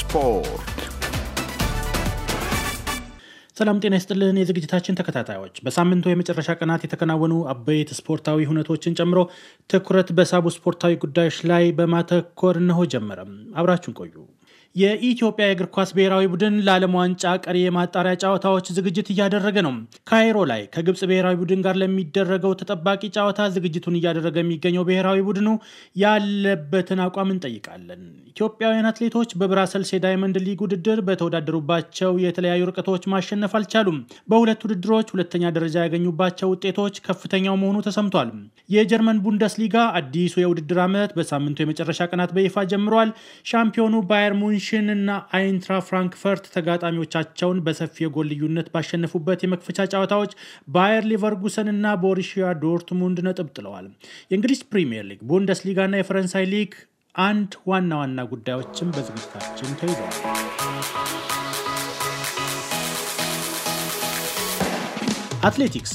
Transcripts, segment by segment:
ስፖርት። ሰላም ጤና ይስጥልን የዝግጅታችን ተከታታዮች፣ በሳምንቱ የመጨረሻ ቀናት የተከናወኑ አበይት ስፖርታዊ ሁነቶችን ጨምሮ ትኩረት በሳቡ ስፖርታዊ ጉዳዮች ላይ በማተኮር እነሆ ጀመረም። አብራችሁን ቆዩ። የኢትዮጵያ የእግር ኳስ ብሔራዊ ቡድን ለዓለም ዋንጫ ቀሪ የማጣሪያ ጨዋታዎች ዝግጅት እያደረገ ነው። ካይሮ ላይ ከግብፅ ብሔራዊ ቡድን ጋር ለሚደረገው ተጠባቂ ጨዋታ ዝግጅቱን እያደረገ የሚገኘው ብሔራዊ ቡድኑ ያለበትን አቋም እንጠይቃለን። ኢትዮጵያውያን አትሌቶች በብራሰልስ የዳይመንድ ሊግ ውድድር በተወዳደሩባቸው የተለያዩ ርቀቶች ማሸነፍ አልቻሉም። በሁለት ውድድሮች ሁለተኛ ደረጃ ያገኙባቸው ውጤቶች ከፍተኛው መሆኑ ተሰምቷል። የጀርመን ቡንደስሊጋ አዲሱ የውድድር ዓመት በሳምንቱ የመጨረሻ ቀናት በይፋ ጀምሯል። ሻምፒዮኑ ባየር ሙን ሚንሽን እና አይንትራ ፍራንክፈርት ተጋጣሚዎቻቸውን በሰፊ የጎል ልዩነት ባሸነፉበት የመክፈቻ ጨዋታዎች ባየር ሊቨርጉሰን እና ቦሪሺያ ዶርትሙንድ ነጥብ ጥለዋል። የእንግሊዝ ፕሪምየር ሊግ፣ ቡንደስሊጋ እና የፈረንሳይ ሊግ አንድ ዋና ዋና ጉዳዮችን በዝግጅታችን ተይዘዋል። አትሌቲክስ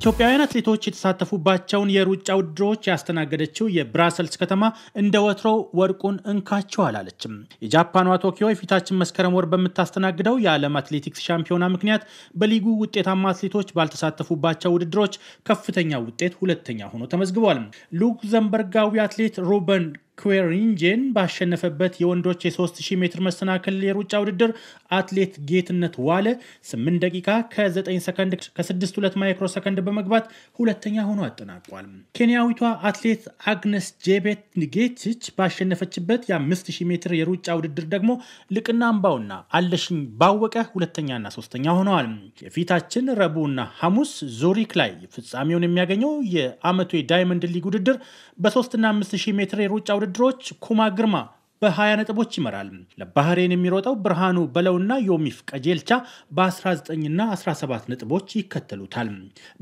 ኢትዮጵያውያን አትሌቶች የተሳተፉባቸውን የሩጫ ውድድሮች ያስተናገደችው የብራሰልስ ከተማ እንደ ወትሮ ወርቁን እንካቸው አላለችም። የጃፓኗ ቶኪዮ የፊታችን መስከረም ወር በምታስተናግደው የዓለም አትሌቲክስ ሻምፒዮና ምክንያት በሊጉ ውጤታማ አትሌቶች ባልተሳተፉባቸው ውድድሮች ከፍተኛ ውጤት ሁለተኛ ሆኖ ተመዝግቧል። ሉክዘምበርጋዊ አትሌት ሩበን ኩዌሪንጄን ባሸነፈበት የወንዶች የ3000 ሜትር መሰናክል የሩጫ ውድድር አትሌት ጌትነት ዋለ 8 ደቂቃ ከ9 ሰከንድ ከ62 ማይክሮ ሰከንድ በመግባት ሁለተኛ ሆኖ አጠናቋል። ኬንያዊቷ አትሌት አግነስ ጄቤት ጌትች ባሸነፈችበት የ5000 ሜትር የሩጫ ውድድር ደግሞ ልቅና አምባውና አለሽኝ ባወቀ ሁለተኛና ሶስተኛ ሆነዋል። የፊታችን ረቡዕና ሐሙስ ዙሪክ ላይ ፍጻሜውን የሚያገኘው የዓመቱ የዳይመንድ ሊግ ውድድር በ3ና 5000 ሜትር የሩጫ ውድድር ወታደሮች ኩማ ግርማ በ20 ነጥቦች ይመራል። ለባህሬን የሚሮጠው ብርሃኑ በለውና ዮሚፍ ቀጀልቻ በ19ና 17 ነጥቦች ይከተሉታል።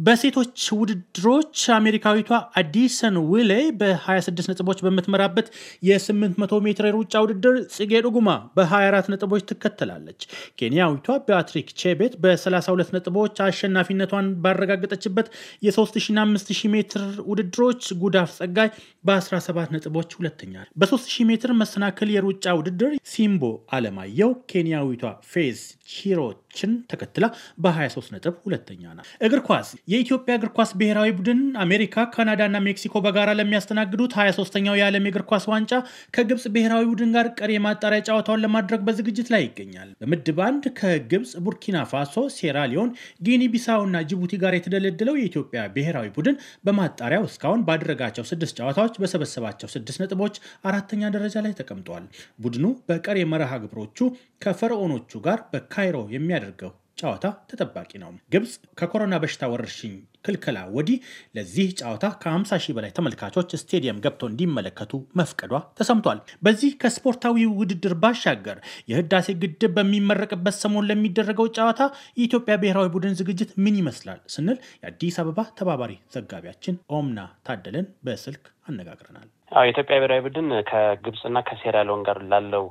በሴቶች ውድድሮች አሜሪካዊቷ አዲሰን ዊሌ በ26 ነጥቦች በምትመራበት የ800 ሜትር ሩጫ ውድድር ጽጌ ዱጉማ በ24 ነጥቦች ትከተላለች። ኬንያዊቷ ቢያትሪክ ቼቤት በ32 ነጥቦች አሸናፊነቷን ባረጋገጠችበት የ3000ና 5000 ሜትር ውድድሮች ጉዳፍ ጸጋይ በ17 ነጥቦች ሁለተኛ በ3000 ሜትር መሰና መሰናክል የሩጫ ውድድር ሲምቦ አለማየሁ ኬንያዊቷ ፌዝ ቺሮችን ተከትላ በ23 ነጥብ ሁለተኛ ናት። እግር ኳስ የኢትዮጵያ እግር ኳስ ብሔራዊ ቡድን አሜሪካ፣ ካናዳና ሜክሲኮ በጋራ ለሚያስተናግዱት 23ኛው የዓለም የእግር ኳስ ዋንጫ ከግብፅ ብሔራዊ ቡድን ጋር ቀሪ የማጣሪያ ጨዋታውን ለማድረግ በዝግጅት ላይ ይገኛል። በምድብ አንድ ከግብፅ፣ ቡርኪና ፋሶ፣ ሴራሊዮን፣ ጊኒ ቢሳውና ጅቡቲ ጋር የተደለደለው የኢትዮጵያ ብሔራዊ ቡድን በማጣሪያው እስካሁን ባደረጋቸው ስድስት ጨዋታዎች በሰበሰባቸው ስድስት ነጥቦች አራተኛ ደረጃ ላይ ተቀምጧል። ተቀምጧል። ቡድኑ በቀሪ መርሃ ግብሮቹ ከፈርዖኖቹ ጋር በካይሮ የሚያደርገው ጨዋታ ተጠባቂ ነው። ግብፅ ከኮሮና በሽታ ወረርሽኝ ክልከላ ወዲህ ለዚህ ጨዋታ ከ50 ሺህ በላይ ተመልካቾች ስቴዲየም ገብተው እንዲመለከቱ መፍቀዷ ተሰምቷል። በዚህ ከስፖርታዊ ውድድር ባሻገር የህዳሴ ግድብ በሚመረቅበት ሰሞን ለሚደረገው ጨዋታ የኢትዮጵያ ብሔራዊ ቡድን ዝግጅት ምን ይመስላል ስንል የአዲስ አበባ ተባባሪ ዘጋቢያችን ኦምና ታደለን በስልክ አነጋግረናል። የኢትዮጵያ ብሔራዊ ቡድን ከግብጽና ከሴራሊዮን ጋር ላለው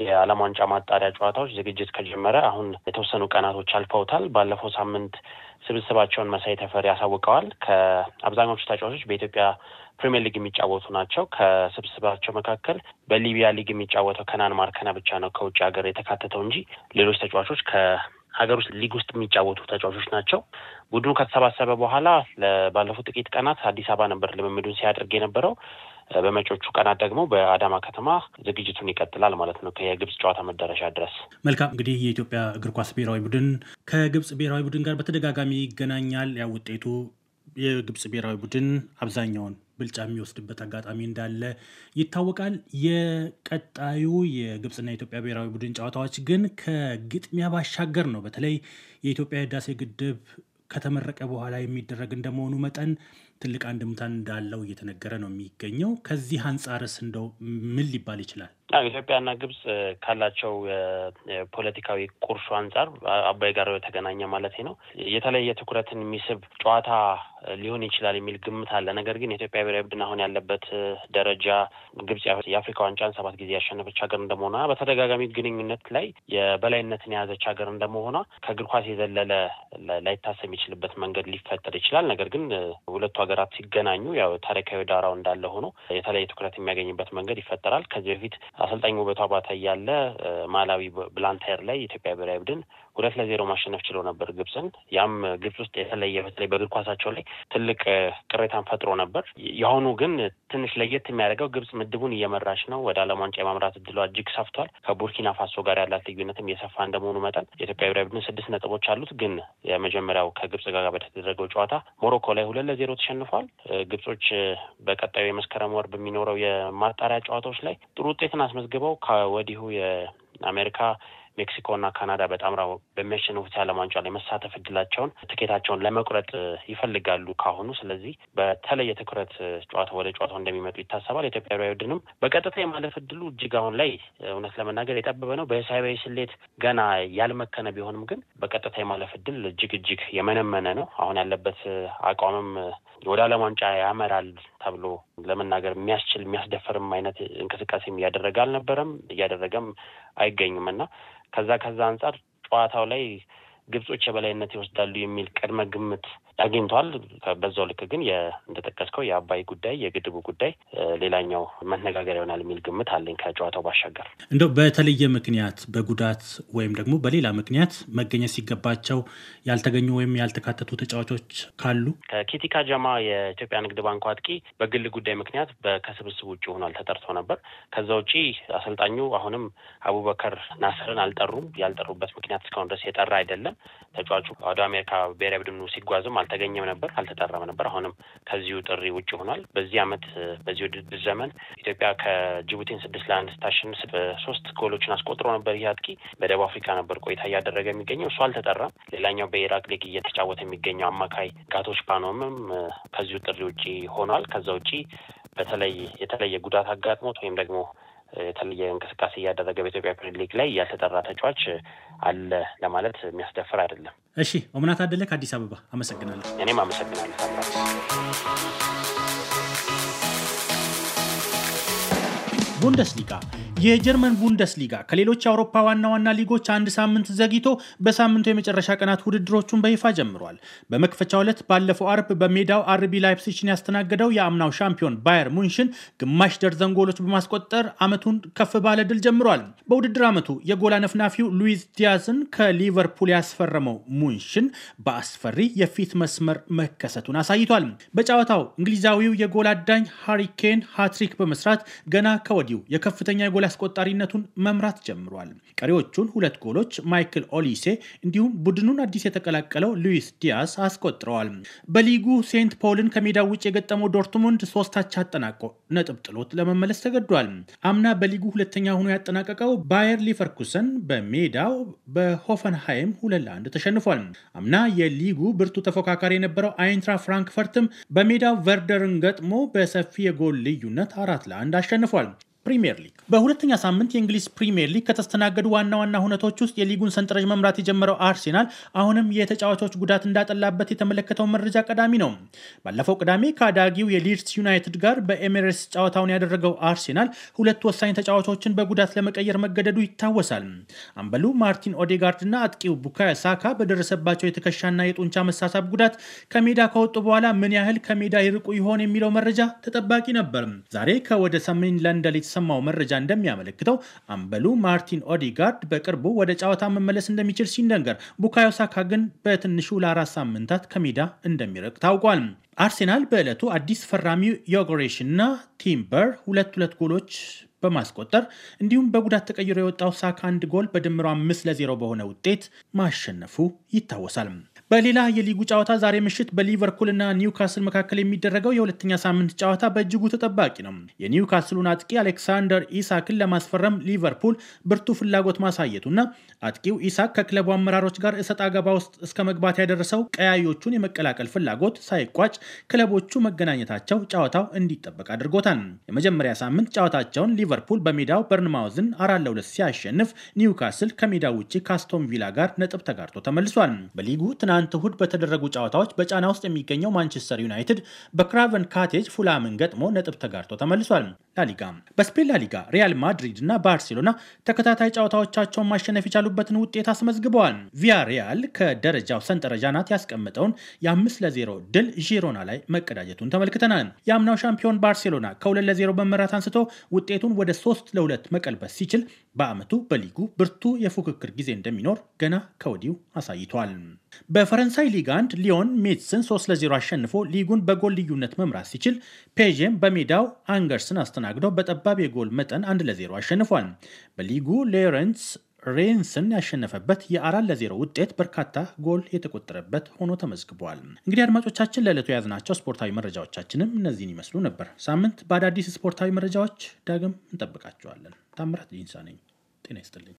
የዓለም ዋንጫ ማጣሪያ ጨዋታዎች ዝግጅት ከጀመረ አሁን የተወሰኑ ቀናቶች አልፈውታል። ባለፈው ሳምንት ስብስባቸውን መሳይ ተፈሪ ያሳውቀዋል። ከአብዛኛዎቹ ተጫዋቾች በኢትዮጵያ ፕሪሚየር ሊግ የሚጫወቱ ናቸው። ከስብስባቸው መካከል በሊቢያ ሊግ የሚጫወተው ከናን ማርከና ብቻ ነው ከውጭ ሀገር የተካተተው እንጂ ሌሎች ተጫዋቾች ከ ሀገር ውስጥ ሊግ ውስጥ የሚጫወቱ ተጫዋቾች ናቸው። ቡድኑ ከተሰባሰበ በኋላ ባለፉት ጥቂት ቀናት አዲስ አበባ ነበር ልምምዱን ሲያደርግ የነበረው። በመጪዎቹ ቀናት ደግሞ በአዳማ ከተማ ዝግጅቱን ይቀጥላል ማለት ነው ከየግብጽ ጨዋታ መዳረሻ ድረስ። መልካም እንግዲህ የኢትዮጵያ እግር ኳስ ብሔራዊ ቡድን ከግብጽ ብሔራዊ ቡድን ጋር በተደጋጋሚ ይገናኛል። ያ ውጤቱ የግብጽ ብሔራዊ ቡድን አብዛኛውን ብልጫ የሚወስድበት አጋጣሚ እንዳለ ይታወቃል። የቀጣዩ የግብፅና የኢትዮጵያ ብሔራዊ ቡድን ጨዋታዎች ግን ከግጥሚያ ባሻገር ነው። በተለይ የኢትዮጵያ ህዳሴ ግድብ ከተመረቀ በኋላ የሚደረግ እንደመሆኑ መጠን ትልቅ አንድምታ እንዳለው እየተነገረ ነው የሚገኘው። ከዚህ አንጻርስ እንደው ምን ሊባል ይችላል? ኢትዮጵያና ግብጽ ካላቸው የፖለቲካዊ ቁርሾ አንጻር አባይ ጋር የተገናኘ ማለት ነው የተለየ ትኩረትን የሚስብ ጨዋታ ሊሆን ይችላል የሚል ግምት አለ። ነገር ግን የኢትዮጵያ ብሔራዊ ቡድን አሁን ያለበት ደረጃ ግብጽ የአፍሪካ ዋንጫን ሰባት ጊዜ ያሸነፈች ሀገር እንደመሆኗ በተደጋጋሚ ግንኙነት ላይ የበላይነትን የያዘች ሀገር እንደመሆኗ ከእግር ኳስ የዘለለ ላይታሰብ የሚችልበት መንገድ ሊፈጠር ይችላል። ነገር ግን ሁለቱ ሀገራት ሲገናኙ ያው ታሪካዊ ዳራው እንዳለ ሆኖ የተለየ ትኩረት የሚያገኝበት መንገድ ይፈጠራል። ከዚህ በፊት አሰልጣኝ ውበቱ አባተ እያለ ማላዊ ብላንታየር ላይ የኢትዮጵያ ብሔራዊ ቡድን ሁለት ለዜሮ ማሸነፍ ችሎ ነበር ግብፅን። ያም ግብፅ ውስጥ የተለየ በተለይ በእግር ኳሳቸው ላይ ትልቅ ቅሬታን ፈጥሮ ነበር። የአሁኑ ግን ትንሽ ለየት የሚያደርገው ግብፅ ምድቡን እየመራች ነው። ወደ ዓለም ዋንጫ የማምራት እድሏ እጅግ ሰፍቷል። ከቡርኪና ፋሶ ጋር ያላት ልዩነትም እየሰፋ እንደመሆኑ መጠን የኢትዮጵያ ብሔራዊ ቡድን ስድስት ነጥቦች አሉት። ግን የመጀመሪያው ከግብፅ ጋር በተደረገው ጨዋታ ሞሮኮ ላይ ሁለት ለዜሮ ተሸንፏል። አሸንፏል። ግብጾች በቀጣዩ የመስከረም ወር በሚኖረው የማጣሪያ ጨዋታዎች ላይ ጥሩ ውጤትን አስመዝግበው ከወዲሁ የአሜሪካ ሜክሲኮና ካናዳ በጣምራ በሚያሸንፉት የዓለም ዋንጫ ላይ መሳተፍ እድላቸውን ትኬታቸውን ለመቁረጥ ይፈልጋሉ ካሁኑ። ስለዚህ በተለየ ትኩረት ጨዋታ ወደ ጨዋታው እንደሚመጡ ይታሰባል። ኢትዮጵያዊ ቡድንም በቀጥታ የማለፍ እድሉ እጅግ አሁን ላይ እውነት ለመናገር የጠበበ ነው። በሂሳባዊ ስሌት ገና ያልመከነ ቢሆንም ግን በቀጥታ የማለፍ እድል እጅግ እጅግ የመነመነ ነው። አሁን ያለበት አቋምም ወደ ዓለም ዋንጫ ያመራል ተብሎ ለመናገር የሚያስችል የሚያስደፈርም አይነት እንቅስቃሴም እያደረገ አልነበረም እያደረገም አይገኝም እና ከዛ ከዛ አንጻር ጨዋታው ላይ ግብጾች የበላይነት ይወስዳሉ የሚል ቅድመ ግምት አግኝቷል። በዛው ልክ ግን እንደጠቀስከው የአባይ ጉዳይ የግድቡ ጉዳይ ሌላኛው መነጋገር ይሆናል የሚል ግምት አለኝ። ከጨዋታው ባሻገር እንደው በተለየ ምክንያት በጉዳት ወይም ደግሞ በሌላ ምክንያት መገኘት ሲገባቸው ያልተገኙ ወይም ያልተካተቱ ተጫዋቾች ካሉ ከኬቲካ ጃማ የኢትዮጵያ ንግድ ባንክ አጥቂ በግል ጉዳይ ምክንያት ከስብስብ ውጭ ሆኗል። ተጠርቶ ነበር። ከዛ ውጪ አሰልጣኙ አሁንም አቡበከር ናስርን አልጠሩም። ያልጠሩበት ምክንያት እስካሁን ድረስ የጠራ አይደለም። ተጫዋቹ ወደ አሜሪካ ብሔራዊ ቡድኑ ሲጓዝም አልተገኘም ነበር፣ አልተጠራም ነበር። አሁንም ከዚሁ ጥሪ ውጭ ሆኗል። በዚህ አመት በዚህ ውድድር ዘመን ኢትዮጵያ ከጅቡቲን ስድስት ለአንድ ስታሸንፍ ሶስት ጎሎችን አስቆጥሮ ነበር። ይህ አጥቂ በደቡብ አፍሪካ ነበር ቆይታ እያደረገ የሚገኘው፣ እሱ አልተጠራም። ሌላኛው በኢራቅ ሊግ እየተጫወተ የሚገኘው አማካይ ጋቶች ፓኖምም ከዚሁ ጥሪ ውጭ ሆኗል። ከዛ ውጪ በተለይ የተለየ ጉዳት አጋጥሞት ወይም ደግሞ የተለየ እንቅስቃሴ እያደረገ በኢትዮጵያ ፕሪሚየር ሊግ ላይ ያልተጠራ ተጫዋች አለ ለማለት የሚያስደፍር አይደለም። እሺ ኦምናት አደለክ ከአዲስ አበባ አመሰግናለሁ። እኔም አመሰግናለሁ። ቡንደስሊጋ የጀርመን ቡንደስሊጋ ከሌሎች የአውሮፓ ዋና ዋና ሊጎች አንድ ሳምንት ዘግይቶ በሳምንቱ የመጨረሻ ቀናት ውድድሮቹን በይፋ ጀምሯል። በመክፈቻው ዕለት ባለፈው አርብ በሜዳው አርቢ ላይፕሲችን ያስተናገደው የአምናው ሻምፒዮን ባየር ሙንሽን ግማሽ ደርዘን ጎሎች በማስቆጠር ዓመቱን ከፍ ባለ ድል ጀምሯል። በውድድር ዓመቱ የጎል አነፍናፊው ሉዊስ ዲያዝን ከሊቨርፑል ያስፈረመው ሙንሽን በአስፈሪ የፊት መስመር መከሰቱን አሳይቷል። በጨዋታው እንግሊዛዊው የጎል አዳኝ ሃሪኬን ሃትሪክ በመስራት ገና ከወዲሁ የከፍተኛ የጎል አስቆጣሪነቱን መምራት ጀምሯል። ቀሪዎቹን ሁለት ጎሎች ማይክል ኦሊሴ እንዲሁም ቡድኑን አዲስ የተቀላቀለው ሉዊስ ዲያስ አስቆጥረዋል። በሊጉ ሴንት ፖልን ከሜዳ ውጭ የገጠመው ዶርትሙንድ ሶስታቻ አጠናቆ ነጥብ ጥሎት ለመመለስ ተገዷል። አምና በሊጉ ሁለተኛ ሆኖ ያጠናቀቀው ባየር ሊቨርኩሰን በሜዳው በሆፈንሃይም ሁለት ለአንድ ተሸንፏል። አምና የሊጉ ብርቱ ተፎካካሪ የነበረው አይንትራ ፍራንክፈርትም በሜዳው ቨርደርን ገጥሞ በሰፊ የጎል ልዩነት አራት ለአንድ አሸንፏል። ፕሪምየር ሊግ በሁለተኛ ሳምንት የእንግሊዝ ፕሪምየር ሊግ ከተስተናገዱ ዋና ዋና ሁነቶች ውስጥ የሊጉን ሰንጠረዥ መምራት የጀመረው አርሴናል አሁንም የተጫዋቾች ጉዳት እንዳጠላበት የተመለከተው መረጃ ቀዳሚ ነው። ባለፈው ቅዳሜ ከአዳጊው የሊድስ ዩናይትድ ጋር በኤሜሬትስ ጨዋታውን ያደረገው አርሴናል ሁለት ወሳኝ ተጫዋቾችን በጉዳት ለመቀየር መገደዱ ይታወሳል። አምበሉ ማርቲን ኦዴጋርድ እና አጥቂው ቡካዮ ሳካ በደረሰባቸው የትከሻና የጡንቻ መሳሳብ ጉዳት ከሜዳ ከወጡ በኋላ ምን ያህል ከሜዳ ይርቁ ይሆን የሚለው መረጃ ተጠባቂ ነበር። ዛሬ ከወደ ሰሜን ለንደን የተሰማው መረጃ እንደሚያመለክተው አምበሉ ማርቲን ኦዲጋርድ በቅርቡ ወደ ጨዋታ መመለስ እንደሚችል ሲነገር፣ ቡካዮ ሳካ ግን በትንሹ ለአራት ሳምንታት ከሜዳ እንደሚርቅ ታውቋል። አርሴናል በዕለቱ አዲስ ፈራሚው ዮጎሬሽ እና ቲምበር ሁለት ሁለት ጎሎች በማስቆጠር እንዲሁም በጉዳት ተቀይሮ የወጣው ሳካ አንድ ጎል በድምሮ አምስት ለዜሮ በሆነ ውጤት ማሸነፉ ይታወሳል። በሌላ የሊጉ ጨዋታ ዛሬ ምሽት በሊቨርፑል እና ኒውካስል መካከል የሚደረገው የሁለተኛ ሳምንት ጨዋታ በእጅጉ ተጠባቂ ነው። የኒውካስሉን አጥቂ አሌክሳንደር ኢሳክን ለማስፈረም ሊቨርፑል ብርቱ ፍላጎት ማሳየቱና አጥቂው ኢሳክ ከክለቡ አመራሮች ጋር እሰጥ አገባ ውስጥ እስከ መግባት ያደረሰው ቀያዮቹን የመቀላቀል ፍላጎት ሳይቋጭ ክለቦቹ መገናኘታቸው ጨዋታው እንዲጠበቅ አድርጎታል። የመጀመሪያ ሳምንት ጨዋታቸውን ሊቨርፑል በሜዳው በርንማውዝን አራት ለሁለት ሲያሸንፍ ኒውካስል ከሜዳው ውጭ ካስቶን ቪላ ጋር ነጥብ ተጋርቶ ተመልሷል። በሊጉ ትና ትናንት እሁድ በተደረጉ ጨዋታዎች በጫና ውስጥ የሚገኘው ማንቸስተር ዩናይትድ በክራቨን ካቴጅ ፉላምን ገጥሞ ነጥብ ተጋርቶ ተመልሷል። ላሊጋ በስፔን ላሊጋ ሪያል ማድሪድ እና ባርሴሎና ተከታታይ ጨዋታዎቻቸውን ማሸነፍ የቻሉበትን ውጤት አስመዝግበዋል። ሪያል ከደረጃው ሰንጠረዥ ናት ያስቀመጠውን የአምስት ለዜሮ ድል ዢሮና ላይ መቀዳጀቱን ተመልክተናል። የአምናው ሻምፒዮን ባርሴሎና ከሁለት ለዜሮ መመራት አንስቶ ውጤቱን ወደ ሶስት ለሁለት መቀልበስ ሲችል በአመቱ በሊጉ ብርቱ የፉክክር ጊዜ እንደሚኖር ገና ከወዲሁ አሳይቷል። በፈረንሳይ ሊግ አንድ ሊዮን ሜትስን 3 ለ0 አሸንፎ ሊጉን በጎል ልዩነት መምራት ሲችል ፔዥም በሜዳው አንገርስን አስተናል አስተናግደው በጠባብ የጎል መጠን 1 ለ0 አሸንፏል። በሊጉ ሌረንስ ሬንስን ያሸነፈበት የአራት ለዜሮ ውጤት በርካታ ጎል የተቆጠረበት ሆኖ ተመዝግቧል። እንግዲህ አድማጮቻችን ለዕለቱ የያዝናቸው ስፖርታዊ መረጃዎቻችንም እነዚህን ይመስሉ ነበር። ሳምንት በአዳዲስ ስፖርታዊ መረጃዎች ዳግም እንጠብቃቸዋለን። ታምራት ጂንሳ ነኝ። ጤና ይስጥልኝ።